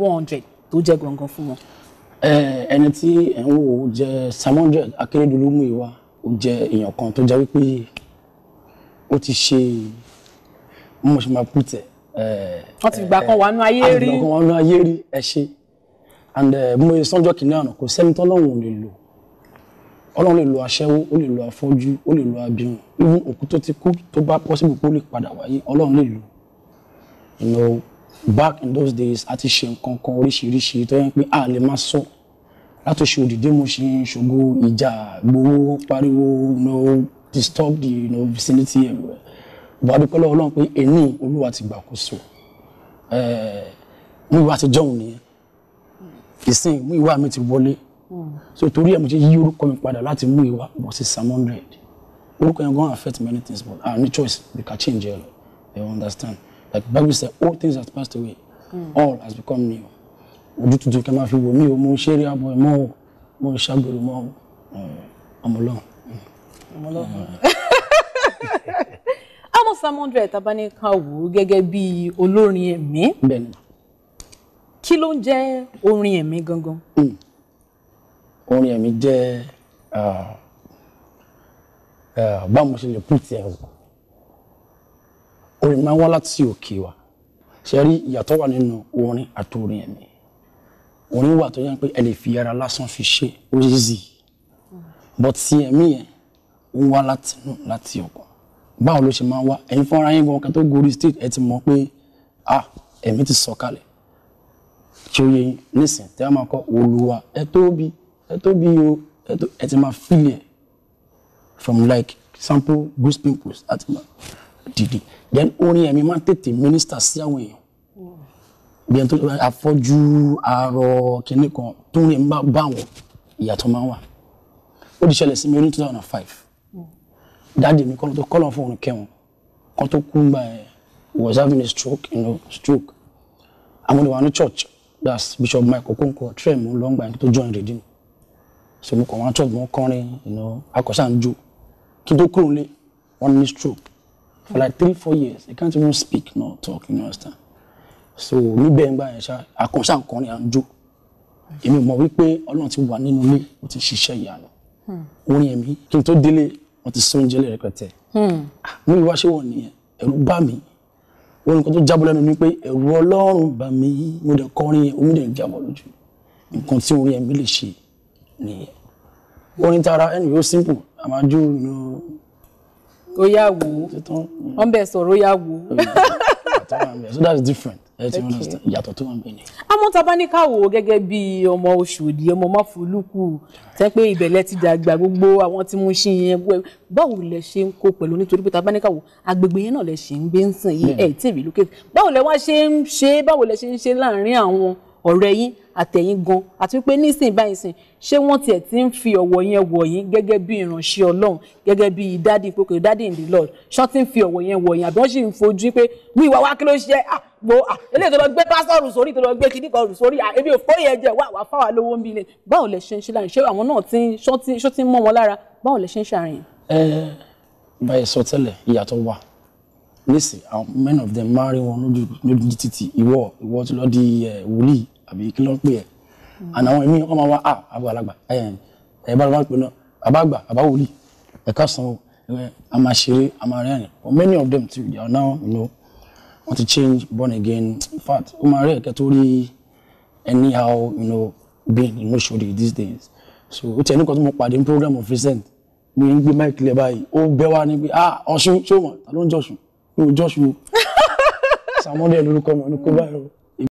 one hundred tó jẹ́ gbọ̀ngàn fún wọn. ẹni tí ẹ̀ ń wò ó jẹ́ sam hundred akérèdọ́lù mú ìwà ó jẹ́ èèyàn kan tó jẹ́ wípé ó ti ṣe mo ṣe máa put ẹ̀ wọ́n ti gbà kan wà nú ayé rí àgbà kan wà nú ayé rí ẹ ṣe and mo ye sọ́jọ́ kìnìún àná kò sẹ́ni tó ọlọ́run ò lè lò ọlọ́run lè lo aṣẹ́wó ó lè lo afọ́jú ó lè lo abirùn even òkú tó ti kú tó bá possible kó lè padà wáyé ọlọ́run lè lò back in those days a ti ṣe nǹkan kan oríṣiríṣi tó yẹn pé a lè máa sọ látòṣe òdìdé mo ṣe ṣògo ìjà gbowó pariwo no disturb the no vicinity everywhere bó a dúpẹ́ lọ́wọ́ Ọlọ́run pé èní olúwa ti gbàkóso mú ìwà àtijọ́ òun nìyẹn ìsìn mú ìwà mi ti wọlé so torí ẹ̀ mo ṣe yí orúkọ mi padà láti mú ìwà bọ̀ sí Sam hundred orúkọ yẹn gan affect many things but I have no choice we can change ẹ lọ you understand. Like the Bible said, all things that passed away. Mm. All has become new. Ojú tuntun kẹ́ máa fi wò mí o, mo ń ṣeré abọ̀ mọ́ o, mo ń ṣàgbèrè mọ́ o, ọmọlọ́run. Ọmọlọ́run. Amos Samondre Tabanika wò ó gẹ́gẹ́ bí olórin ẹ̀mí. Bẹ́ẹ̀ni. Kí ló ń jẹ́ orin ẹ̀mí gangan? Hmm. Orin ẹ̀mí jẹ́ ah, ah, báwo ṣe lè pùtì ẹ̀wọ̀ orin máa ń wá láti òkè wa ṣe rí ìyàtọ̀ wà nínú orin àti orin ẹ̀mí orin wà tó yẹ pé ẹ lè fi ara lásán fi ṣe ó easy but ti ẹ̀mí yẹn ń wá láti inú láti ọkàn báwo ló ṣe máa ń wá ẹ̀yin fúnra yín gan kan tó gorí stage ẹ ti mọ̀ pé ah ẹ̀mí ti sọ̀kalẹ̀ kí o yẹ yín nísìn tí a máa kọ olúwa ẹ tóbi ẹ tóbi o ẹ ti máa feel it from like sample goose pimples àti máa dìde then orin ẹ̀mí máa ń tètè mínísítà sí àwọn èèyàn bí ẹni tó afọ́jú arọ kìnnì kan tó rìn ń bá wọn ìyàtọ̀ máa ń wà ó di ṣẹlẹ̀ sí mi ní two thousand and five dáàdi mi kọ́nà tó fún òun kẹ́wọn kan kú gba ẹ̀ was having a stroke you know stroke àwọn olùwà ní church that's Bishop Michael Okonkwo trem lọ́ngbà ẹni tó join redeem so mo kàn wọn church mo kọrin you know akọ̀ṣà ń jó kí n tó kúrò lé wọn ní stroke for like three four years they can't even speak nor talk you understand so níbẹ̀ ń bá yẹn ṣá àkànṣe àkànrin à ń jó èmi mọ̀ wípé ọlọ́run ti wà nínú ilé ó ti ṣiṣẹ́ ìyanu orin ẹ̀mí kí n tó délé wọ́n ti sún jẹ́lẹ̀ rẹpẹtẹ mú ìwá ṣé wọ̀ nìyẹn ẹ̀rù bá mi orin kan tó jábọ̀ lẹ́nu mi pé ẹ̀rù ọlọ́run bá mi mo dẹ̀ kọrin yẹn omi dẹ̀ ń jábọ̀ lójú nǹkan tí orin ẹ̀mí lè ṣe nìyẹn orin tara ẹni yóò simple àmájú you know ó yà wò ó wọ́n bẹ̀ sọ̀rọ̀ ó yà so that is different ìyàtọ̀ tó wà ń bẹ ni. àmọ́ tábà ní ká wò ó gẹ́gẹ́ bí ọmọ Òṣòdì ọmọ Máfọlúkù tẹ́ pé ìbẹ̀lẹ̀ ti dàgbà gbogbo àwọn tí mo ṣe yẹn báwo lẹ ṣe ń kó pẹ̀lú nítorí pé tábà ní ká wò agbègbè yẹn náà lẹ ṣe ń gbé ń sìn yìí ẹ̀ tí èmi lókè báwo lẹ wá ṣe ń ṣe báwo lẹ ṣe ń ṣe láàárín àwọn ọ̀rẹ́ yín àtẹ̀yìn gan àti wípé nísìnyí báyìí sìn ṣé wọ́n tiẹ̀ ti ń fi ọ̀wọ̀ yẹn wọ̀ yín gẹ́gẹ́ bí ìránṣẹ́ Ọlọ́run gẹ́gẹ́ bí dádì pé dádì in the Lord ṣọ́ ti ń fi ọ̀wọ̀ yẹn wọ̀ yín àbí wọ́n sì ń fojú pé wí ìwà wa kí ló ṣe à gbo à eléyìí tó lọ gbé pásítọ̀rù sórí tó lọ gbé kíní kan rù sórí à ebi òfò yẹn jẹ wà wà fáwa lówó ń bí ilé báwo lẹ ṣe ń ṣe láàrin ṣé àwọn náà ti ṣó ti ń mọ́ wọn lára báwo lẹ ṣe ń ṣàárín. ẹ báyìí sọ tẹ́lẹ̀ ìyàtọ̀ wà nísìnyí àwọn men of them máa rí wọn lójú títì ìwọ ìwọ tó lọ di wòlíì àbí kí ló ń pè ẹ́ àná àwọn èmi ọmọ wa à àbọ̀ alàgbà ẹ̀ bá ló máa ń pè náà bàbá àgbà bàbá wòlíì ẹ̀ka sàn a máa ṣeré a máa rẹ́rìn but many of them too they are now you know want to change born again in fact ó máa rẹ̀ kẹ́ tó rí anyhow you know being you know shoddy these days so ó tiẹ̀ níkan tó mo pàdé ní program of recent mo ń gbé mic lẹ báyìí ó bẹ́ wá ní pé ah ọ̀ṣun ṣé o mọ̀ ta ló ń jọ̀ṣun mi ò jọ̀ṣun o sàmúlẹ̀ lórúkọ mi ò ní kó báyìí o.